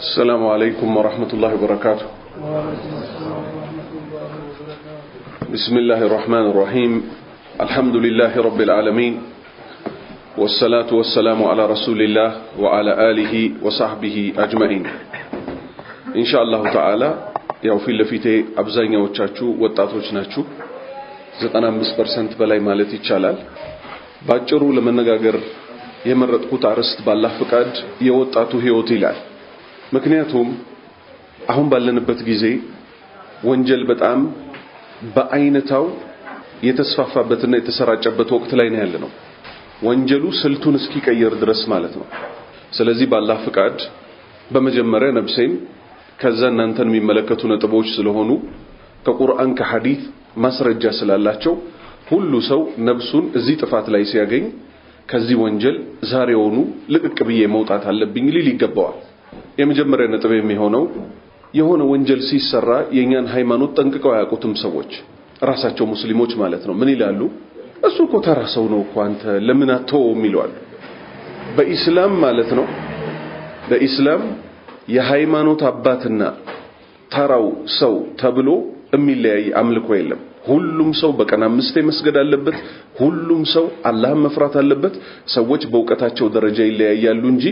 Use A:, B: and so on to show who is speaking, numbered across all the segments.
A: السلام عليكم ورحمة الله وبركاته بسم الله الرحمن الرحيم الحمد لله رب العالمين والصلاة والسلام على رسول الله وعلى آله وصحبه أجمعين إن شاء الله تعالى يوفي لفيته أبزاين وچاچو وطاتو جناچو زتنا مبس برسنت بلاي مالتي چالال باجرو لمنگا گر يمرت قطع رست بالله فقاد يوطاتو هيوتي لال ምክንያቱም አሁን ባለንበት ጊዜ ወንጀል በጣም በአይነታው የተስፋፋበትና የተሰራጨበት ወቅት ላይ ነው ያለነው። ወንጀሉ ስልቱን እስኪቀየር ድረስ ማለት ነው። ስለዚህ ባላህ ፍቃድ በመጀመሪያ ነብሴን ከዛ እናንተን የሚመለከቱ ነጥቦች ስለሆኑ ከቁርአን ከሐዲት ማስረጃ ስላላቸው ሁሉ ሰው ነብሱን እዚህ ጥፋት ላይ ሲያገኝ ከዚህ ወንጀል ዛሬውኑ ልቅቅ ብዬ መውጣት አለብኝ ሊል ይገባዋል። የመጀመሪያ ነጥብ የሚሆነው የሆነ ወንጀል ሲሰራ የእኛን ሃይማኖት ጠንቅቀው አያውቁትም ሰዎች ራሳቸው ሙስሊሞች ማለት ነው። ምን ይላሉ? እሱ እኮ ተራ ሰው ነው እኮ አንተ ለምን አትተውም? ይለዋል። በኢስላም ማለት ነው። በኢስላም የሃይማኖት አባትና ተራው ሰው ተብሎ የሚለያይ አምልኮ የለም። ሁሉም ሰው በቀን አምስቴ መስገድ አለበት። ሁሉም ሰው አላህን መፍራት አለበት። ሰዎች በእውቀታቸው ደረጃ ይለያያሉ እንጂ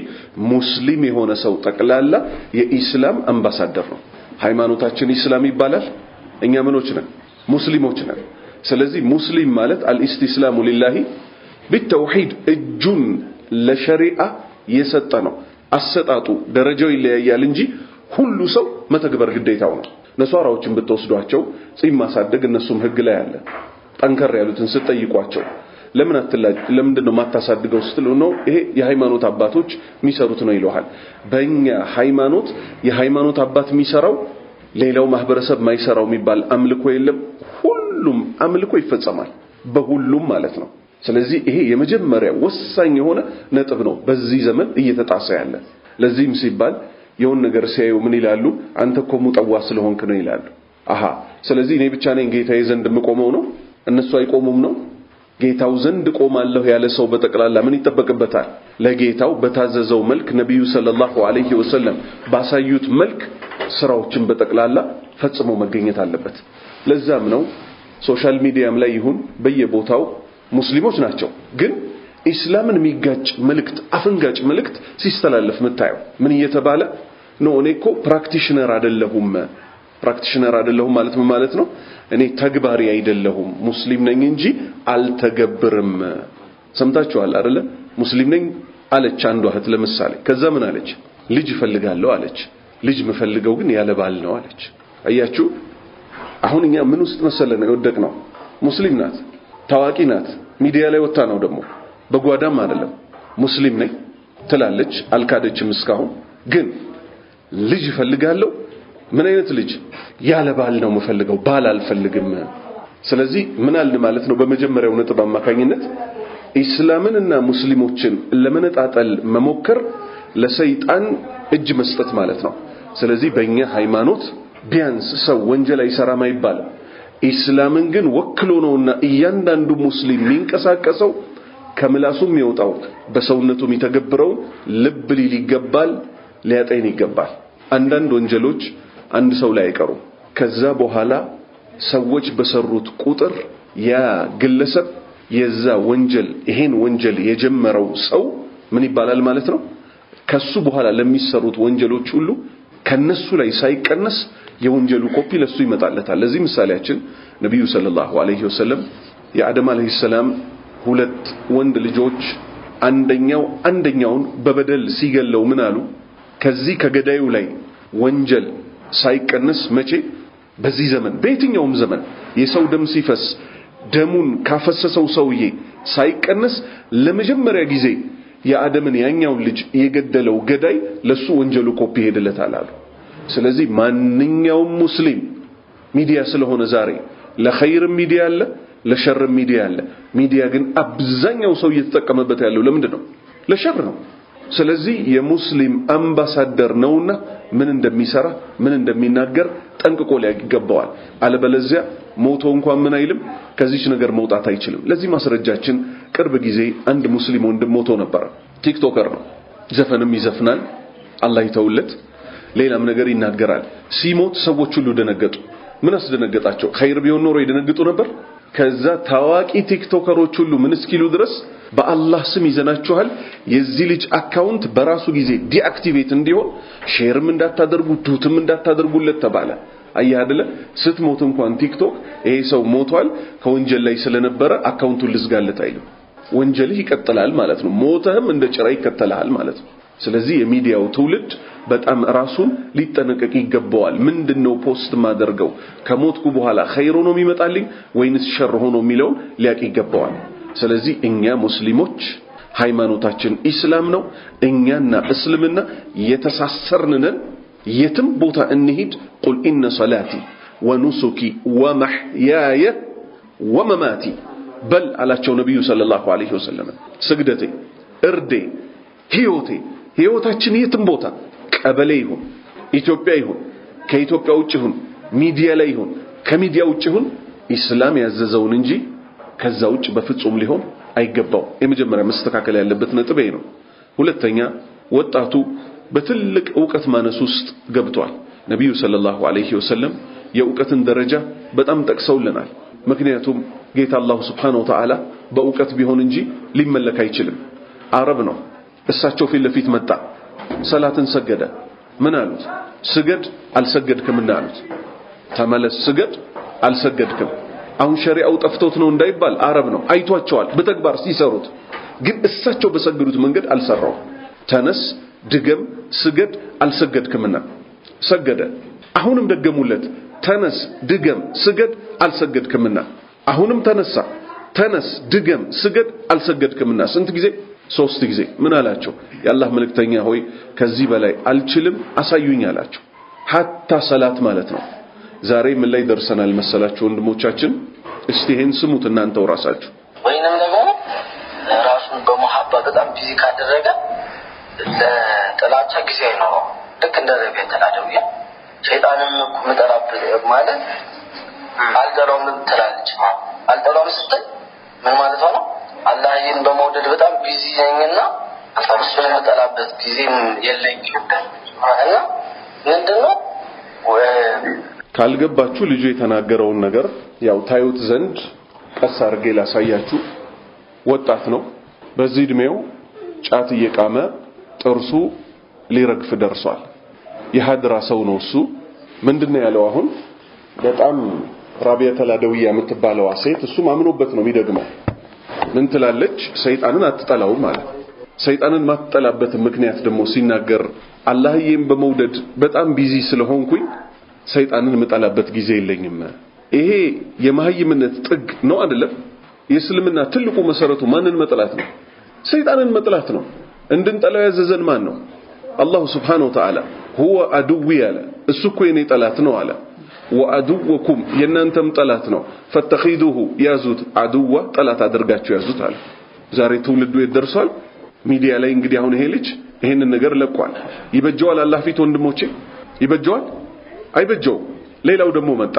A: ሙስሊም የሆነ ሰው ጠቅላላ የኢስላም አምባሳደር ነው። ሃይማኖታችን ኢስላም ይባላል። እኛ ምኖች ነን? ሙስሊሞች ነን። ስለዚህ ሙስሊም ማለት አልኢስቲስላሙ ሊላሂ ቢተውሂድ እጁን ለሸሪዓ የሰጠ ነው። አሰጣጡ ደረጃው ይለያያል እንጂ ሁሉ ሰው መተግበር ግዴታው ነው። ነሷራዎችን ብትወስዷቸው ጺም ማሳደግ እነሱም ህግ ላይ አለ። ጠንከር ያሉትን ስትጠይቋቸው ለምን አትላጅ ለምንድን ነው የማታሳድገው ስትል ነው ይሄ የሃይማኖት አባቶች የሚሰሩት ነው ይለዋል። በእኛ ሃይማኖት የሃይማኖት አባት የሚሰራው ሌላው ማህበረሰብ ማይሰራው የሚባል አምልኮ የለም። ሁሉም አምልኮ ይፈጸማል በሁሉም ማለት ነው። ስለዚህ ይሄ የመጀመሪያ ወሳኝ የሆነ ነጥብ ነው በዚህ ዘመን እየተጣሰ ያለ ለዚህም ሲባል የሆን ነገር ሲያዩ ምን ይላሉ? አንተ እኮ ሙጠዋ ስለሆንክ ነው ይላሉ። አሃ ስለዚህ እኔ ብቻ ነኝ ጌታዬ ዘንድ የምቆመው ነው እነሱ አይቆሙም ነው? ጌታው ዘንድ ቆማለሁ ያለ ሰው በጠቅላላ ምን ይጠበቅበታል? ለጌታው በታዘዘው መልክ ነቢዩ ሰለላሁ ዐለይሂ ወሰለም ባሳዩት መልክ ስራዎችን በጠቅላላ ፈጽሞ መገኘት አለበት። ለዛም ነው ሶሻል ሚዲያም ላይ ይሁን በየቦታው ሙስሊሞች ናቸው ግን ኢስላምን የሚጋጭ መልእክት አፈንጋጭ መልእክት ሲስተላለፍ የምታየው ምን እየተባለ ኖ እኔ እኮ ፕራክቲሽነር አይደለሁም። ፕራክቲሽነር አይደለሁም ማለት ምን ማለት ነው? እኔ ተግባሪ አይደለሁም። ሙስሊም ነኝ እንጂ አልተገብርም። ሰምታችኋል አይደለ? ሙስሊም ነኝ አለች አንዷ እህት ለምሳሌ። ከዛ ምን አለች? ልጅ እፈልጋለሁ አለች። ልጅ የምፈልገው ግን ያለ ባል ነው አለች። አያችሁ፣ አሁን እኛ ምን ውስጥ መሰለን የወደቅ ነው። ሙስሊም ናት፣ ታዋቂ ናት፣ ሚዲያ ላይ ወጣ ነው ደግሞ በጓዳም አይደለም ሙስሊም ነኝ ትላለች፣ አልካደችም እስካሁን ግን ልጅ እፈልጋለሁ። ምን አይነት ልጅ? ያለ ባል ነው የምፈልገው፣ ባል አልፈልግም። ስለዚህ ምን አለ ማለት ነው? በመጀመሪያው ነጥብ አማካኝነት ኢስላምንና ሙስሊሞችን ለመነጣጠል መሞከር ለሰይጣን እጅ መስጠት ማለት ነው። ስለዚህ በእኛ ሃይማኖት ቢያንስ ሰው ወንጀል አይሰራም አይባልም። ኢስላምን ግን ወክሎ ነውና እያንዳንዱ ሙስሊም የሚንቀሳቀሰው ከምላሱም የሚወጣው በሰውነቱ የሚተገብረውን ልብ ሊል ይገባል። ሊያጤን ይገባል። አንዳንድ ወንጀሎች አንድ ሰው ላይ አይቀሩም። ከዛ በኋላ ሰዎች በሰሩት ቁጥር ያ ግለሰብ የዛ ወንጀል ይሄን ወንጀል የጀመረው ሰው ምን ይባላል ማለት ነው። ከሱ በኋላ ለሚሰሩት ወንጀሎች ሁሉ ከነሱ ላይ ሳይቀነስ የወንጀሉ ኮፒ ለሱ ይመጣለታል። ለዚህ ምሳሌያችን ነቢዩ ሰለላሁ ዐለይሂ ወሰለም የአደም ዐለይሂ ሰላም ሁለት ወንድ ልጆች አንደኛው አንደኛውን በበደል ሲገለው ምን አሉ? ከዚህ ከገዳዩ ላይ ወንጀል ሳይቀንስ መቼ በዚህ ዘመን በየትኛውም ዘመን የሰው ደም ሲፈስ ደሙን ካፈሰሰው ሰውዬ ሳይቀንስ ለመጀመሪያ ጊዜ የአደምን ያኛውን ልጅ የገደለው ገዳይ ለሱ ወንጀሉ ኮፒ ሄድለታል አሉ። ስለዚህ ማንኛውም ሙስሊም ሚዲያ ስለሆነ ዛሬ ለኸይርም ሚዲያ አለ፣ ለሸርም ሚዲያ አለ። ሚዲያ ግን አብዛኛው ሰው እየተጠቀመበት ያለው ለምንድን ነው? ለሸር ነው። ስለዚህ የሙስሊም አምባሳደር ነውና ምን እንደሚሰራ ምን እንደሚናገር ጠንቅቆ ይገባዋል። አለበለዚያ ሞቶ እንኳን ምን አይልም፣ ከዚች ነገር መውጣት አይችልም። ለዚህ ማስረጃችን ቅርብ ጊዜ አንድ ሙስሊም ወንድም ሞቶ ነበረ። ቲክቶከር ነው፣ ዘፈንም ይዘፍናል፣ አላህ ይተውለት፣ ሌላም ነገር ይናገራል። ሲሞት ሰዎች ሁሉ ደነገጡ። ምን አስደነገጣቸው? ኸይር ቢሆን ኖሮ ይደነግጡ ነበር። ከዛ ታዋቂ ቲክቶከሮች ሁሉ ምን እስኪሉ ድረስ በአላህ ስም ይዘናችኋል። የዚህ ልጅ አካውንት በራሱ ጊዜ ዲአክቲቬት እንዲሆን ሼርም እንዳታደርጉ ቱትም እንዳታደርጉለት ተባለ። አየህ አይደለ? ስትሞት እንኳን ቲክቶክ ይሄ ሰው ሞቷል ከወንጀል ላይ ስለነበረ አካውንቱን ልዝጋለት አይልም። ወንጀልህ ይቀጥላል ማለት ነው። ሞተህም እንደ ጭራ ይከተልሃል ማለት ነው። ስለዚህ የሚዲያው ትውልድ በጣም ራሱን ሊጠነቀቅ ይገባዋል። ምንድነው ፖስት ማደርገው ከሞትኩ በኋላ ኸይር ሆኖ የሚመጣልኝ ወይንስ ሸር ሆኖ የሚለውን ሊያቅ ይገባዋል። ስለዚህ እኛ ሙስሊሞች ሃይማኖታችን ኢስላም ነው። እኛና እስልምና የተሳሰርንን የትም ቦታ እንሂድ። ቁል ኢነ ሰላቲ ወኑሱኪ ወመሕያየ ወመማቲ በል አላቸው ነቢዩ ሰለላሁ ዐለይሂ ወሰለም። ስግደቴ፣ እርዴ፣ ህይወቴ ህይወታችን የትም ቦታ ቀበሌ ይሁን፣ ኢትዮጵያ ይሁን፣ ከኢትዮጵያ ውጭ ይሁን፣ ሚዲያ ላይ ይሁን፣ ከሚዲያ ውጭ ይሁን ኢስላም ያዘዘውን እንጂ ከዛ ውጭ በፍጹም ሊሆን አይገባው። የመጀመሪያ መስተካከል ያለበት ነጥብ ነው። ሁለተኛ ወጣቱ በትልቅ እውቀት ማነስ ውስጥ ገብቷል። ነቢዩ ሰለላሁ ዐለይሂ ወሰለም የእውቀትን ደረጃ በጣም ጠቅሰውልናል። ምክንያቱም ጌታ አላሁ ስብሓነሁ ወተዓላ በእውቀት ቢሆን እንጂ ሊመለክ አይችልም። አረብ ነው። እሳቸው ፊት ለፊት መጣ፣ ሰላትን ሰገደ። ምን አሉት? ስገድ አልሰገድክምና አሉት። ተመለስ ስገድ አልሰገድክም አሁን ሸሪዓው ጠፍቶት ነው እንዳይባል፣ አረብ ነው አይቷቸዋል፣ በተግባር ሲሰሩት። ግን እሳቸው በሰገዱት መንገድ አልሰራው። ተነስ ድገም፣ ስገድ፣ አልሰገድክምና ሰገደ። አሁንም ደገሙለት፣ ተነስ ድገም፣ ስገድ፣ አልሰገድክምና። አሁንም ተነሳ፣ ተነስ ድገም፣ ስገድ፣ አልሰገድክምና። ስንት ጊዜ? ሶስት ጊዜ። ምን አላቸው? የአላህ መልእክተኛ ሆይ ከዚህ በላይ አልችልም፣ አሳዩኝ አላቸው። ሀታ ሰላት ማለት ነው ዛሬ ምን ላይ ደርሰናል መሰላችሁ ወንድሞቻችን? እስቲ ይሄን ስሙት እናንተው ራሳችሁ። ወይንም ደግሞ ራሱን በመሐባ በጣም ቢዚ ካደረገ ለጥላቻ ጊዜ ነው። ልክ እንደ ተናደው ያ ሸይጣንም እኮ መጠራበት ማለት አልጠላውም ትላለች። አልጠላውም ስትል ምን ማለት ነው? አላህን በመውደድ በጣም ቢዚ ነኝና እሱን የምጠላበት ጊዜም የለኝም እና ምንድነው ካልገባችሁ ልጁ የተናገረውን ነገር ያው ታዩት ዘንድ ቀስ አድርጌ ላሳያችሁ። ወጣት ነው። በዚህ እድሜው ጫት እየቃመ ጥርሱ ሊረግፍ ደርሷል። የሀድራ ሰው ነው እሱ። ምንድነው ያለው? አሁን በጣም ራቢያ ተላደውያ የምትባለዋ ሴት እሱ አምኖበት ነው የሚደግመው። ምን ትላለች? ሰይጣንን አትጠላውም ማለት ሰይጣንን ማትጠላበት ምክንያት ደግሞ ሲናገር አላህዬም በመውደድ በጣም ቢዚ ስለሆንኩኝ ሰይጣንን የምጠላበት ጊዜ የለኝም። ይሄ የመሀይምነት ጥግ ነው አይደለም? የእስልምና ትልቁ መሰረቱ ማንን መጥላት ነው? ሰይጣንን መጥላት ነው። እንድንጠላው ያዘዘን ማን ነው? አላሁ ስብሓነሁ ወተዓላ ሁወ አድዊ አለ። እሱ እኮ የኔ ጠላት ነው አለ። ወአድወኩም የእናንተም ጠላት ነው። ፈተኺዱሁ ያዙት፣ አድዋ ጠላት አድርጋችሁ ያዙት አለ። ዛሬ ትውልዱ የት ደርሷል? ሚዲያ ላይ እንግዲህ አሁን ይሄ ልጅ ይሄንን ነገር ለቋል። ይበጀዋል? አላህ ፊት ወንድሞቼ ይበጀዋል? አይበጀው። ሌላው ደግሞ መጣ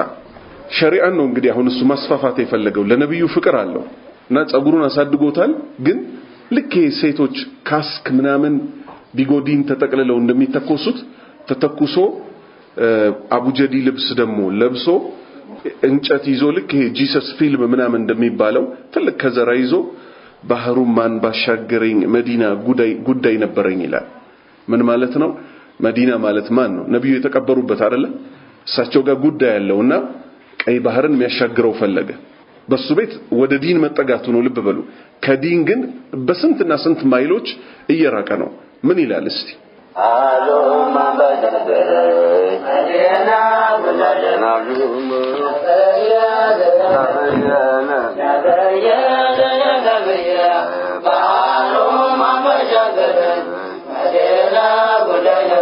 A: ሸሪዓን ነው እንግዲህ አሁን እሱ ማስፋፋት የፈለገው ለነብዩ ፍቅር አለው እና ጸጉሩን አሳድጎታል። ግን ልክ ሴቶች ካስክ ምናምን ቢጎዲን ተጠቅልለው እንደሚተኮሱት ተተኩሶ አቡጀዲ ልብስ ደግሞ ለብሶ እንጨት ይዞ ልክ ጂሰስ ፊልም ምናምን እንደሚባለው ትልቅ ከዘራ ይዞ ባህሩን ማን ባሻገረኝ መዲና ጉዳይ ጉዳይ ነበረኝ ይላል። ምን ማለት ነው? መዲና ማለት ማን ነው? ነብዩ የተቀበሩበት አይደለ? እሳቸው ጋር ጉዳይ ያለውና ቀይ ባህርን የሚያሻግረው ፈለገ። በሱ ቤት ወደ ዲን መጠጋቱ ነው። ልብ በሉ። ከዲን ግን በስንትና ስንት ማይሎች እየራቀ ነው። ምን ይላል እስቲ?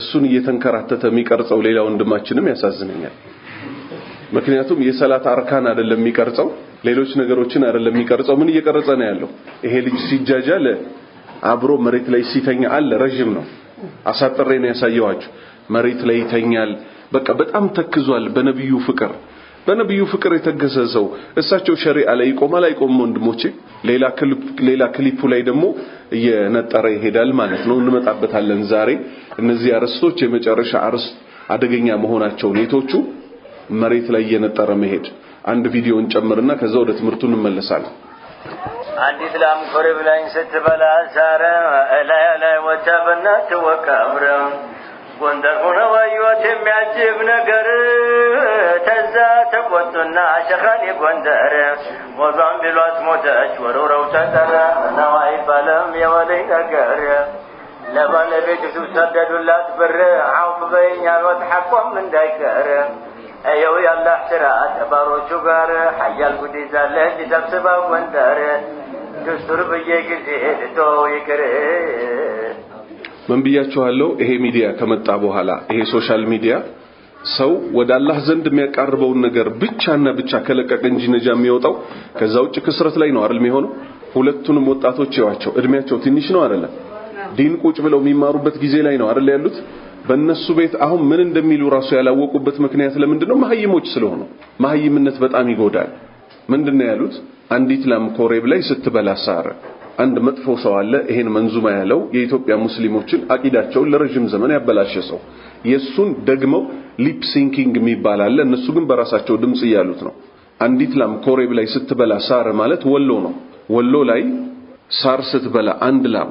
A: እሱን እየተንከራተተ የሚቀርጸው ሌላ ወንድማችንም ያሳዝነኛል። ምክንያቱም የሰላት አርካን አይደለም የሚቀርጸው፣ ሌሎች ነገሮችን አይደለም የሚቀርጸው። ምን እየቀረጸ ነው ያለው? ይሄ ልጅ ሲጃጃል አብሮ መሬት ላይ ሲተኛ አለ። ረጅም ነው፣ አሳጥሬ ነው ያሳየኋችሁ። መሬት ላይ ይተኛል። በቃ በጣም ተክዟል በነቢዩ ፍቅር በነብዩ ፍቅር የተገሰ ሰው እሳቸው ሸሪዓ ላይ ይቆማል አይቆምም? ወንድሞቼ፣ ሌላ ክሊፑ ላይ ደግሞ እየነጠረ ይሄዳል ማለት ነው። እንመጣበታለን። ዛሬ እነዚህ አርስቶች የመጨረሻ አርስት አደገኛ መሆናቸው ኔቶቹ መሬት ላይ እየነጠረ መሄድ። አንድ ቪዲዮን ጨምርና ከዛ ወደ ትምህርቱ እንመለሳለን። አንዲት ላም ኮርብ ላይ ስትበላ ሳረ ላይ ላይ ወጣ በእናትህ ወቃብረም ጎንደር ሆነው አዩት የሚያጅብ ነገር ተዛ ተቆጡና ሸኻሌ ጎንደር ሞዟን ቢሏት ሞተች ወርውረው ተጠረ ነው አይባልም የወለይ ነገር ለባለቤቱ ሰደዱላት ብር አውፍ በይኝ አሏት ሐቋም እንዳይቀር እየው ያላህ ስራ ተባሮቹ ጋር ሀያል ጉድ ይዛለች ሰብስባ ጎንደር ድስቱር ብዬ ጊዜ ልቶ ይቅር ምን ብያችኋለሁ? ይሄ ሚዲያ ከመጣ በኋላ ይሄ ሶሻል ሚዲያ ሰው ወደ አላህ ዘንድ የሚያቃርበውን ነገር ብቻና ብቻ ከለቀቀ እንጂ ነጃ የሚወጣው ከዛ ውጭ ክስረት ላይ ነው አይደል የሚሆነው። ሁለቱንም ወጣቶች ይዋቸው፣ እድሜያቸው ትንሽ ነው አይደለም። ዲን ቁጭ ብለው የሚማሩበት ጊዜ ላይ ነው አይደል ያሉት። በእነሱ ቤት አሁን ምን እንደሚሉ ራሱ ያላወቁበት ምክንያት ለምንድን ነው? መሀይሞች ስለሆኑ። መሀይምነት በጣም ይጎዳል። ምንድን ነው ያሉት? አንዲት ላም ኮሬብ ላይ ስትበላ ሳረ አንድ መጥፎ ሰው አለ። ይሄን መንዙማ ያለው የኢትዮጵያ ሙስሊሞችን አቂዳቸውን ለረጅም ዘመን ያበላሸ ሰው የሱን ደግመው ሊፕ ሲንኪንግ የሚባል አለ። እነሱ ግን በራሳቸው ድምጽ እያሉት ነው። አንዲት ላም ኮሬብ ላይ ስትበላ ሳር ማለት ወሎ ነው። ወሎ ላይ ሳር ስትበላ አንድ ላም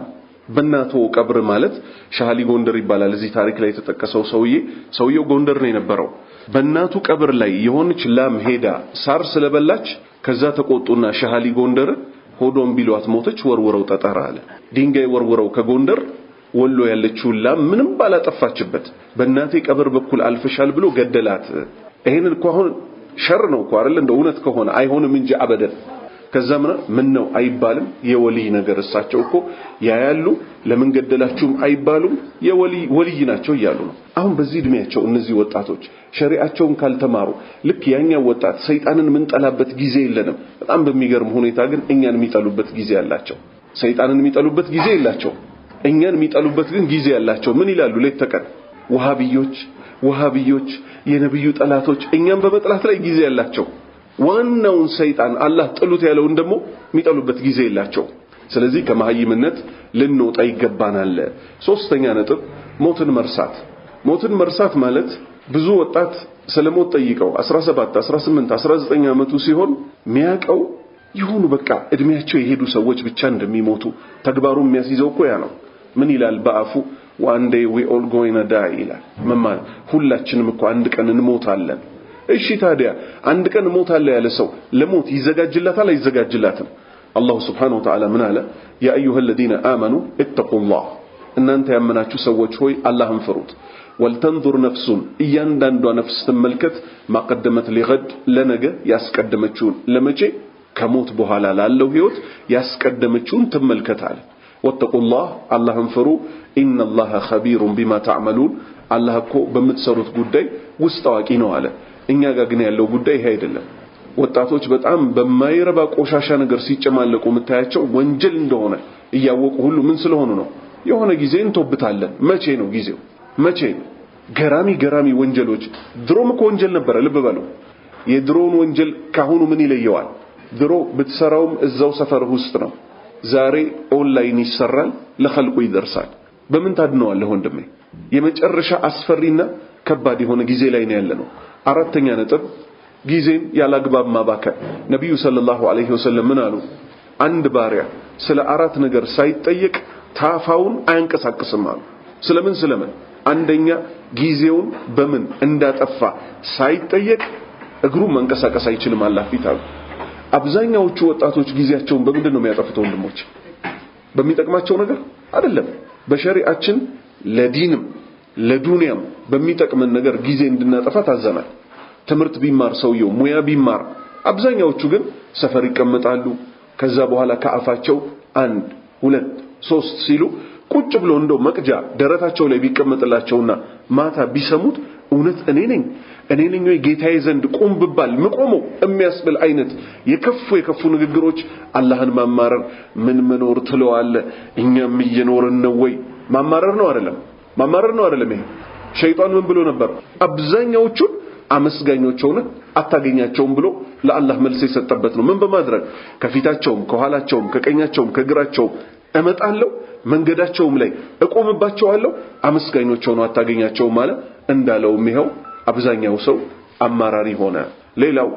A: በእናቶ ቀብር ማለት ሻሊ ጎንደር ይባላል። እዚህ ታሪክ ላይ የተጠቀሰው ሰውዬ ሰውየው ጎንደር ነው የነበረው። በእናቱ ቀብር ላይ የሆነች ላም ሄዳ ሳር ስለበላች ከዛ ተቆጡና ሻሊ ጎንደር ሆዶም ቢሏት ሞተች፣ ወርውረው ጠጠር አለ። ድንጋይ ወርውረው ከጎንደር ወሎ ያለችውን ላም ምንም ባላጠፋችበት በእናቴ ቀብር በኩል አልፈሻል ብሎ ገደላት። ይሄንን እኮ አሁን ሸር ነው እኮ አይደል? እንደ እውነት ከሆነ አይሆንም እንጂ አበደን ከዛም ምን ነው አይባልም። የወልይ ነገር እሳቸው እኮ ያያሉ፣ ለምን ገደላችሁም አይባሉም። የወልይ ወልይ ናቸው እያሉ ነው። አሁን በዚህ እድሜያቸው እነዚህ ወጣቶች ሸሪዓቸውን ካልተማሩ ልክ ያኛው ወጣት ሰይጣንን የምንጠላበት ጊዜ የለንም። በጣም በሚገርም ሁኔታ ግን እኛን የሚጠሉበት ጊዜ አላቸው። ሰይጣንን የሚጠሉበት ጊዜ የላቸው። እኛን የሚጠሉበት ግን ጊዜ ያላቸው። ምን ይላሉ? ሌት ተቀን ወሃብዮች፣ ወሃብዮች የነብዩ ጠላቶች እኛን በመጥላት ላይ ጊዜ ያላቸው ዋናውን ሰይጣን አላህ ጥሉት ያለውን ደግሞ የሚጠሉበት ጊዜ የላቸው። ስለዚህ ከመሀይምነት ልንወጣ ይገባናል። ሶስተኛ ነጥብ ሞትን መርሳት። ሞትን መርሳት ማለት ብዙ ወጣት ስለሞት ጠይቀው 17፣ 18፣ 19 ዓመቱ ሲሆን ሚያቀው ይሁኑ በቃ እድሜያቸው የሄዱ ሰዎች ብቻ እንደሚሞቱ ተግባሩን የሚያስይዘው እኮ ያ ነው። ምን ይላል በአፉ one day we all going to die ይላል። ሁላችንም እኮ አንድ ቀን እንሞታለን። እሺ ታዲያ አንድ ቀን ሞታለ ያለ ሰው ለሞት ይዘጋጅላታል አይዘጋጅላትም? አላሁ ስብሓነሁ ወተዓላ ምን አለ? ያ አዩሃ ለዚነ አመኑ እተቁላህ እናንተ ያመናችሁ ሰዎች ሆይ አላህን ፍሩት። ወልተንዙር ነፍሱን፣ እያንዳንዷ ነፍስ ትመልከት፣ ማቀደመት ሊገድ፣ ለነገ ያስቀደመችውን፣ ለመቼ ከሞት በኋላ ላለው ህይወት ያስቀደመችውን ትመልከት ወተቁላህ፣ አላህን ፍሩ። ኢነላህ ኸቢሩን ቢማ ተዕመሉን፣ አላህ እኮ በምትሰሩት ጉዳይ ውስጥ አዋቂ ነው አለ። እኛ ጋር ግን ያለው ጉዳይ ይሄ አይደለም። ወጣቶች በጣም በማይረባ ቆሻሻ ነገር ሲጨማለቁ የምታያቸው ወንጀል እንደሆነ እያወቁ ሁሉ ምን ስለሆኑ ነው? የሆነ ጊዜ እንቶብታለን። መቼ ነው ጊዜው? መቼ ነው? ገራሚ ገራሚ ወንጀሎች። ድሮም እኮ ወንጀል ነበረ። ልብ በሉ። የድሮውን ወንጀል ካሁኑ ምን ይለየዋል? ድሮ ብትሰራውም እዛው ሰፈር ውስጥ ነው። ዛሬ ኦንላይን ይሰራል፣ ለኸልቁ ይደርሳል። በምን ታድነዋለህ ወንድሜ? የመጨረሻ አስፈሪና ከባድ የሆነ ጊዜ ላይ ነው ያለነው። አራተኛ ነጥብ ጊዜን ያላግባብ ማባከን። ነቢዩ ሰለላሁ ዐለይሂ ወሰለም ምን አሉ? አንድ ባሪያ ስለ አራት ነገር ሳይጠየቅ ታፋውን አያንቀሳቅስም አሉ። ስለምን ስለምን? አንደኛ ጊዜውን በምን እንዳጠፋ ሳይጠየቅ እግሩን መንቀሳቀስ አይችልም አላህ ፊት አሉ። አብዛኛዎቹ ወጣቶች ጊዜያቸውን በምንድን ነው የሚያጠፉት? ወንድሞች በሚጠቅማቸው ነገር አይደለም። በሸሪአችን ለዲንም ለዱንያም በሚጠቅመን ነገር ጊዜ እንድናጠፋ ታዘናል። ትምህርት ቢማር ሰውየው ሙያ ቢማር፣ አብዛኛዎቹ ግን ሰፈር ይቀመጣሉ። ከዛ በኋላ ከአፋቸው አንድ ሁለት ሶስት ሲሉ ቁጭ ብሎ እንደው መቅጃ ደረታቸው ላይ ቢቀመጥላቸውና ማታ ቢሰሙት እውነት እኔ ነኝ እኔ ነኝ ወይ ጌታዬ ዘንድ ቁም ብባል ምቆመው የሚያስብል አይነት የከፉ የከፉ ንግግሮች፣ አላህን ማማረር ምን መኖር ትለዋለ እኛም እየኖርን ነው ወይ ማማረር ነው አይደለም። ማማረር ነው አይደለም። ይሄ ሸይጣን ምን ብሎ ነበር? አብዛኛዎቹን አመስጋኞች ሆነ አታገኛቸውም ብሎ ለአላህ መልስ የሰጠበት ነው። ምን በማድረግ ከፊታቸውም፣ ከኋላቸውም፣ ከቀኛቸውም፣ ከግራቸውም እመጣለሁ መንገዳቸውም ላይ እቆምባቸዋለሁ፣ አመስጋኞች ሆኖ አታገኛቸውም ማለት እንዳለውም ይኸው አብዛኛው ሰው አማራሪ ሆነ። ሌላው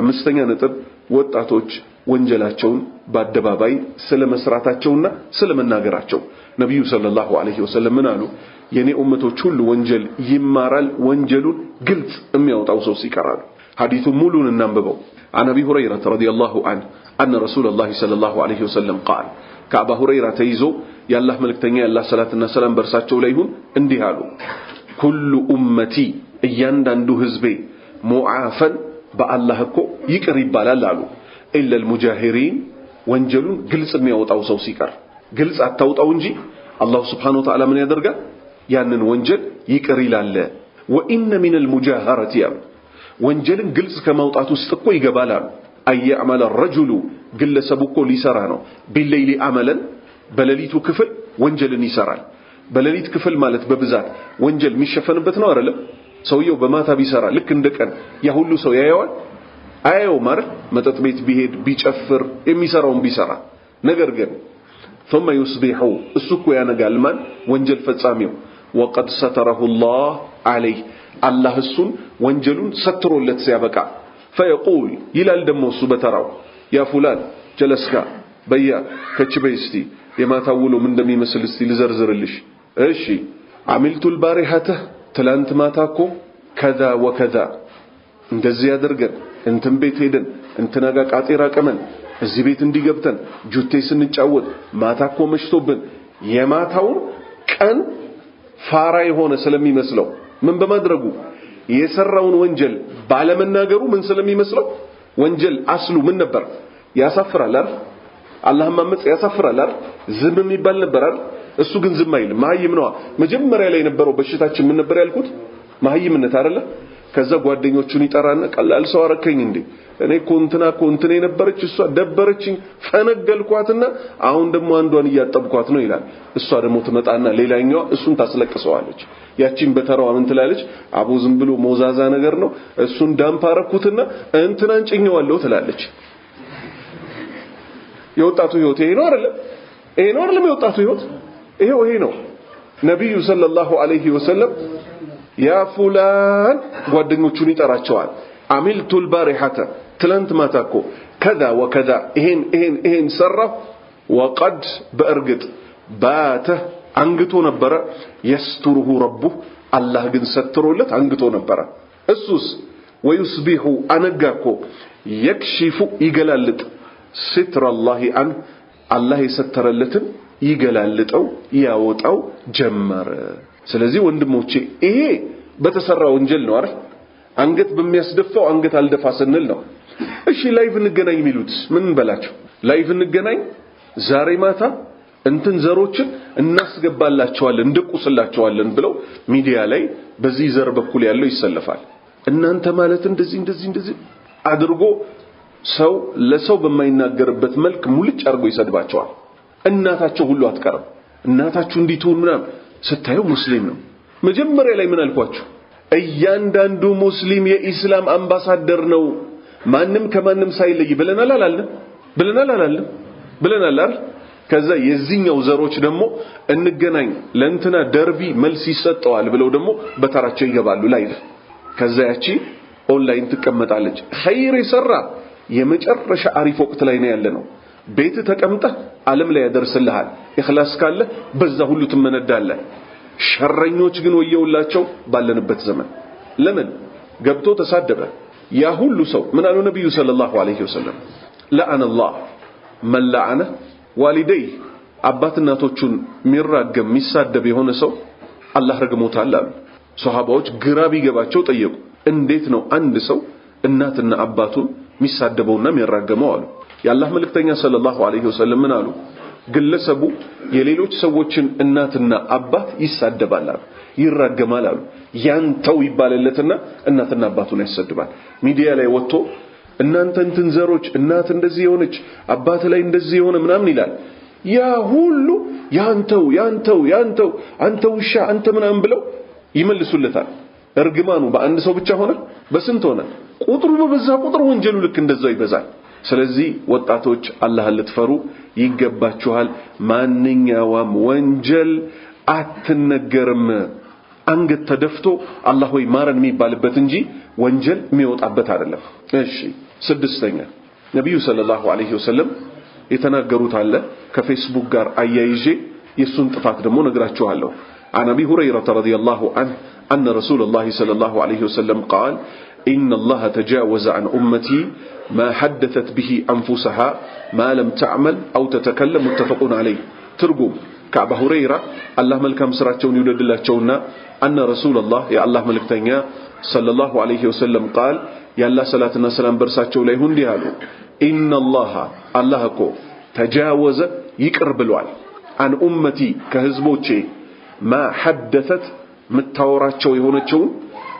A: አምስተኛ ነጥብ ወጣቶች ወንጀላቸውን በአደባባይ ስለመስራታቸውና ስለመናገራቸው ነቢዩ ሰለላሁ ዐለይሂ ወሰለም ምን አሉ? የኔ ኡመቶች ሁሉ ወንጀል ይማራል ወንጀሉን ግልጽ የሚያወጣው ሰው ሲቀራ ነው። ሙሉን እናንብበው። አን አቢ ሁረይረተ ረዲየላሁ አንህ አነ ረሱለላሂ ሰለላሁ ዐለይሂ ወሰለም ቃል ከአባ ሁረይራ ተይዞ የአላህ መልእክተኛ የአላህ ሰላትና ሰላም በእርሳቸው ላይ ይሁን እንዲህ አሉ። ኩሉ ኡመቲ እያንዳንዱ ህዝቤ ሙዓፈን በአላህ እኮ ይቅር ይባላል አሉ። ኢለል ሙጃሂሪን ወንጀሉን ግልጽ የሚያወጣው ሰው ሲቀር ግልጽ አታውጣው እንጂ አላሁ ስብሓነሁ ወተዓላ ምን ያደርጋል? ያንን ወንጀል ይቅር ይላለ ወኢነ ሚነል ሙጃሃረቲ ያሉ ወንጀልን ግልጽ ከማውጣት ውስጥ እኮ ይገባል አሉ። አየዕመለ ረጁሉ ግለሰቡ እኮ ሊሰራ ነው። ቢሌይሊ አመለን በሌሊቱ ክፍል ወንጀልን ይሰራል። በሌሊት ክፍል ማለት በብዛት ወንጀል የሚሸፈንበት ነው አይደለም። ሰውየው በማታ ቢሰራ ልክ እንደ ቀን ያ ሁሉ ሰው ያየዋል አያየው ማለት መጠጥ ቤት ቢሄድ ቢጨፍር የሚሰራውን ቢሰራ ነገር ግን ثم يصبح እሱ እኮ ያነጋል ማን ወንጀል ፈጻሚው ወቀድ ሰተረሁላህ አለይ አላህ እሱን ወንጀሉን ሰትሮለት ሲያበቃ ፈየቁል ይላል ደግሞ እሱ በተራው ያ ፉላን ጀለስካ በያ ከችበይ እስቲ የማታውሎ ምን እንደሚመስል እስቲ ልዘርዝርልሽ። እሺ አሚልቱል ባሪሐተ ትላንት ማታ እኮ ከዛ ወከዛ እንደዚህ አድርገን እንትን ቤት ሄደን እንትና ጋ ቃጤራ ቀመን እዚህ ቤት እንዲገብተን ጁቴ ስንጫወት ማታ እኮ መሽቶብን የማታውን ቀን ፋራ የሆነ ስለሚመስለው ምን በማድረጉ የሰራውን ወንጀል ባለመናገሩ ምን ስለሚመስለው ወንጀል አስሉ ምን ነበር? ያሳፍራል አይደል? አላህን ማመጽ ያሳፍራል አይደል? ዝም የሚባል ነበር አይደል? እሱ ግን ዝም አይልም። መሀይም ነዋ። መጀመሪያ ላይ የነበረው በሽታችን ምን ነበር ያልኩት? መሀይምነት አይደለ? ከዛ ጓደኞቹን ይጠራና ቀላል ሰው አረከኝ እንዴ እኔ ኮንትና ኮንትኔ ነበረች እሷ ደበረችኝ ፈነገልኳትና አሁን ደግሞ አንዷን እያጠብኳት ነው ይላል እሷ ደግሞ ትመጣና ሌላኛዋ እሱን ታስለቅሰዋለች ያቺን በተራዋ ምን ትላለች አቡ ዝም ብሎ ሞዛዛ ነገር ነው እሱን ዳምፕ አረኩትና እንትናን ጭኘዋለሁ ትላለች የወጣቱ ህይወት ይሄ ነው አይደለም ይሄ ነው አይደለም የወጣቱ ህይወት ይሄው ይሄ ነው ነብዩ ሰለላሁ ዐለይሂ ወሰለም ያ ፉላን ጓደኞቹን ይጠራቸዋል። አሚልቱል ባሪሐተ ትላንት ማታ እኮ ከዛ ወከዛ ይሄን ይሄን ይሄን ሰራሁ። ወቀድ በእርግጥ ባተ አንግቶ ነበረ። የስትሩሁ ረቡ አላህ ግን ሰትሮለት አንግቶ ነበረ። እሱስ ወዩስቢሑ አነጋ እኮ የክሽፉ ይገላልጥ ስትረላሂ አን አላህ የሰተረለትን ይገላልጠው ያወጣው ጀመረ። ስለዚህ ወንድሞቼ ይሄ በተሰራ ወንጀል ነው አይደል? አንገት በሚያስደፋው አንገት አልደፋ ስንል ነው። እሺ ላይቭ እንገናኝ የሚሉት ምን እንበላቸው? ላይቭ እንገናኝ ዛሬ ማታ እንትን ዘሮችን እናስገባላቸዋለን እንደቁስላቸዋለን ብለው ሚዲያ ላይ በዚህ ዘር በኩል ያለው ይሰለፋል። እናንተ ማለት እንደዚህ እንደዚህ እንደዚህ አድርጎ ሰው ለሰው በማይናገርበት መልክ ሙልጭ አድርጎ ይሰድባቸዋል። እናታቸው ሁሉ አትቀርም። እናታችሁ እንዲትሁን ምናምን ስታየው ሙስሊም ነው። መጀመሪያ ላይ ምን አልኳችሁ? እያንዳንዱ ሙስሊም የኢስላም አምባሳደር ነው። ማንም ከማንም ሳይለይ ብለናል አላለም? ብለናል አላለም? ብለናል አይደል? ከዛ የዚህኛው ዘሮች ደግሞ እንገናኝ ለእንትና ደርቢ መልስ ይሰጠዋል ብለው ደግሞ በተራቸው ይገባሉ ላይፍ። ከዛ ያቺ ኦንላይን ትቀመጣለች። ኸይር የሰራ የመጨረሻ አሪፍ ወቅት ላይ ነው ያለ ነው። ቤት ተቀምጠህ ዓለም ላይ ያደርስልሃል። ኢኽላስ ካለ በዛ ሁሉ ትመነዳለህ። ሸረኞች ግን ወየውላቸው ባለንበት ዘመን። ለምን ገብቶ ተሳደበ ያ ሁሉ ሰው? ምን አሉ ነብዩ ሰለላሁ ዐለይሂ ወሰለም? ለአነላህ አላህ መን ለዐነ አባት እናቶቹን ሚራገም ሚሳደብ የሆነ ሰው አላህ ረግሞታል አሉ። ሶሐባዎች ግራ ቢገባቸው ጠየቁ። እንዴት ነው አንድ ሰው እናትና አባቱን ሚሳደበውና ሚራገመው አሉ። የአላህ መልእክተኛ ሰለላሁ ዐለይሂ ወሰለም ምን አሉ? ግለሰቡ የሌሎች ሰዎችን እናትና አባት ይሳደባል አሉ፣ ይራገማል አሉ። ያንተው ይባልለትና እናትና አባቱን ያሰድባል። ሚዲያ ላይ ወጥቶ እናንተ እንትን ዘሮች እናት እንደዚህ የሆነች አባት ላይ እንደዚህ የሆነ ምናምን ይላል። ያ ሁሉ ያንተው ያንተው ያንተው አንተ ውሻ አንተ ምናምን ብለው ይመልሱለታል። እርግማኑ በአንድ ሰው ብቻ ሆነ? በስንት ሆነ? ቁጥሩ በበዛ ቁጥር ወንጀሉ ልክ እንደዛው ይበዛል። ስለዚህ ወጣቶች አላህን ልትፈሩ ይገባችኋል። ማንኛውም ወንጀል አትነገርም። አንገት ተደፍቶ አላህ ሆይ ማረን የሚባልበት እንጂ ወንጀል የሚወጣበት አይደለም። እሺ ስድስተኛ ነቢዩ ሰለላሁ ዐለይሂ ወሰለም የተናገሩት አለ ከፌስቡክ ጋር አያይዤ የሱን ጥፋት ደግሞ ነግራችኋለሁ። አን አቢ ሁረይረተ ረዲየላሁ አንህ አነ ረሱለላሂ ሰለላሁ ዐለይሂ ወሰለም ቃል ኢነላሃ ተጃወዘ አን ኡመቲ ማ ሐደተት ብሂ አንፉሰሃ ማ ለም ተዕመል አው ተተከለም ሙተፈቁን አለይ። ትርጉም ከአባ ሁረይራ አላህ መልካም ስራቸውን ይውደድላቸውና አነ ረሱለላህ የአላህ መልእክተኛ ሰለላሁ ዐለይሂ ወሰለም ቃል የአላህ ሰላትና ሰላም በእርሳቸው ላይ ይሁን እንዲህ አሉ። ኢነላሀ አላህ እኮ ተጃወዘ ይቅር ብሏል አን ኡመቲ ከህዝቦቼ ማ ሐደተት ምታወራቸው የሆነችውን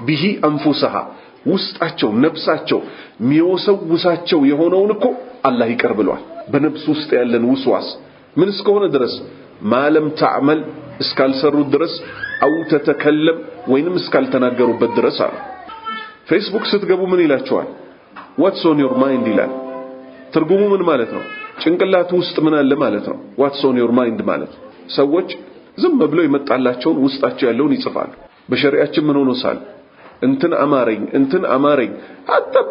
A: ብሂ አንፉሰሃ ውስጣቸው ነፍሳቸው ውሳቸው የሆነውን እኮ አላህ ይቅር ብሏል። በነፍስ ውስጥ ያለን ውስዋስ ምን እስከሆነ ድረስ ማለም ታዕመል እስካልሰሩት ድረስ አው ተተከለም ወይንም እስካልተናገሩበት ድረስ አሉ። ፌስቡክ ስትገቡ ምን ይላቸዋል? ዋትስ ኦን ዮር ማይንድ ይላል። ትርጉሙ ምን ማለት ነው? ጭንቅላቱ ውስጥ ምን አለ ማለት ነው። ዋትስ ኦን ዮር ማይንድ ማለት ሰዎች ዝም ብለው የመጣላቸውን ውስጣቸው ያለውን ይጽፋሉ። በሸሪያችን ምን ሆኖ ሳል እንትን አማረኝ እንትን አማረኝ አጣብ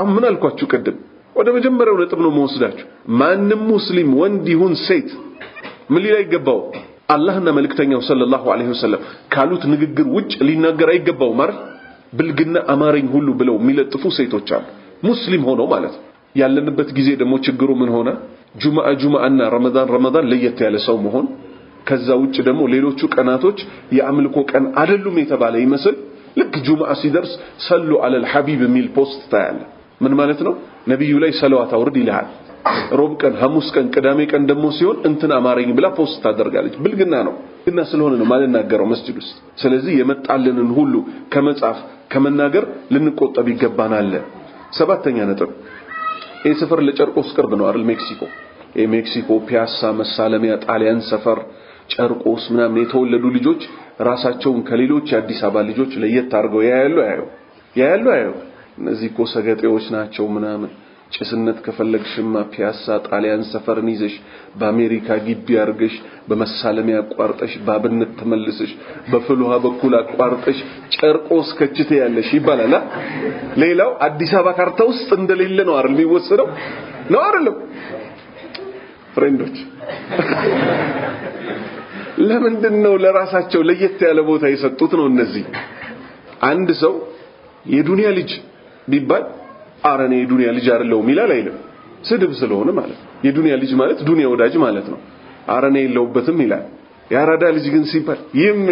A: አሁን ምን አልኳችሁ ቅድም ወደ መጀመሪያው ነጥብ ነው መወስዳችሁ ማንም ሙስሊም ወንድ ይሁን ሴት ምን ሊል አይገባው አላህና መልእክተኛው ሰለላሁ ዐለይሂ ወሰለም ካሉት ንግግር ውጭ ሊናገር አይገባው ማር ብልግና አማረኝ ሁሉ ብለው የሚለጥፉ ሴቶች አሉ ሙስሊም ሆነው ማለት ያለንበት ጊዜ ደግሞ ችግሩ ምን ሆነ ጁማአ ጁማአና ረመዳን ረመዳን ለየት ያለ ሰው መሆን ከዛ ውጭ ደግሞ ሌሎቹ ቀናቶች የአምልኮ ቀን አይደሉም የተባለ ይመስል ልክ ጁምዓ ሲደርስ ሰሉ አለል ሐቢብ የሚል ፖስት ታያለ። ምን ማለት ነው? ነቢዩ ላይ ሰለዋት አውርድ ይልሃል። ሮብ ቀን፣ ሐሙስ ቀን፣ ቅዳሜ ቀን ደግሞ ሲሆን እንትን አማረኝ ብላ ፖስት ታደርጋለች። ብልግና ነው። ብልግና ስለሆነ ነው ማልናገረው መስጂድ ውስጥ። ስለዚህ የመጣልንን ሁሉ ከመጻፍ ከመናገር ልንቆጠብ ይገባናል። ሰባተኛ ነጥብ ይህ ሰፈር ለጨርቆስ ቅርብ ነው አይደል? ሜክሲኮ የሜክሲኮ ፒያሳ መሳለሚያ ጣሊያን ሰፈር ጨርቆስ ምናምን የተወለዱ ልጆች ራሳቸውን ከሌሎች የአዲስ አበባ ልጆች ለየት አድርገው ያያሉ ያዩ ያያሉ ያዩ እነዚህ እኮ ሰገጤዎች ናቸው ምናምን ጭስነት ከፈለግሽማ ፒያሳ ጣሊያን ሰፈርን ይዘሽ በአሜሪካ ግቢ አድርገሽ በመሳለሚያ አቋርጠሽ ባብነት ተመልሰሽ በፍልውሃ በኩል አቋርጠሽ ጨርቆስ ከችቴ ያለሽ ይባላል። ሌላው አዲስ አበባ ካርታ ውስጥ እንደሌለ ነው አይደል? የሚወሰደው ነው አይደለም? ፍሬንዶች ለምንድን ነው ለራሳቸው ለየት ያለ ቦታ የሰጡት? ነው እነዚህ አንድ ሰው የዱንያ ልጅ ቢባል ኧረ እኔ የዱንያ ልጅ አይደለሁም ይላል አይልም። ስድብ ስለሆነ ማለት ነው። የዱንያ ልጅ ማለት ዱንያ ወዳጅ ማለት ነው። ኧረ እኔ የለሁበትም ይላል። የአራዳ ልጅ ግን ሲባል ይሜ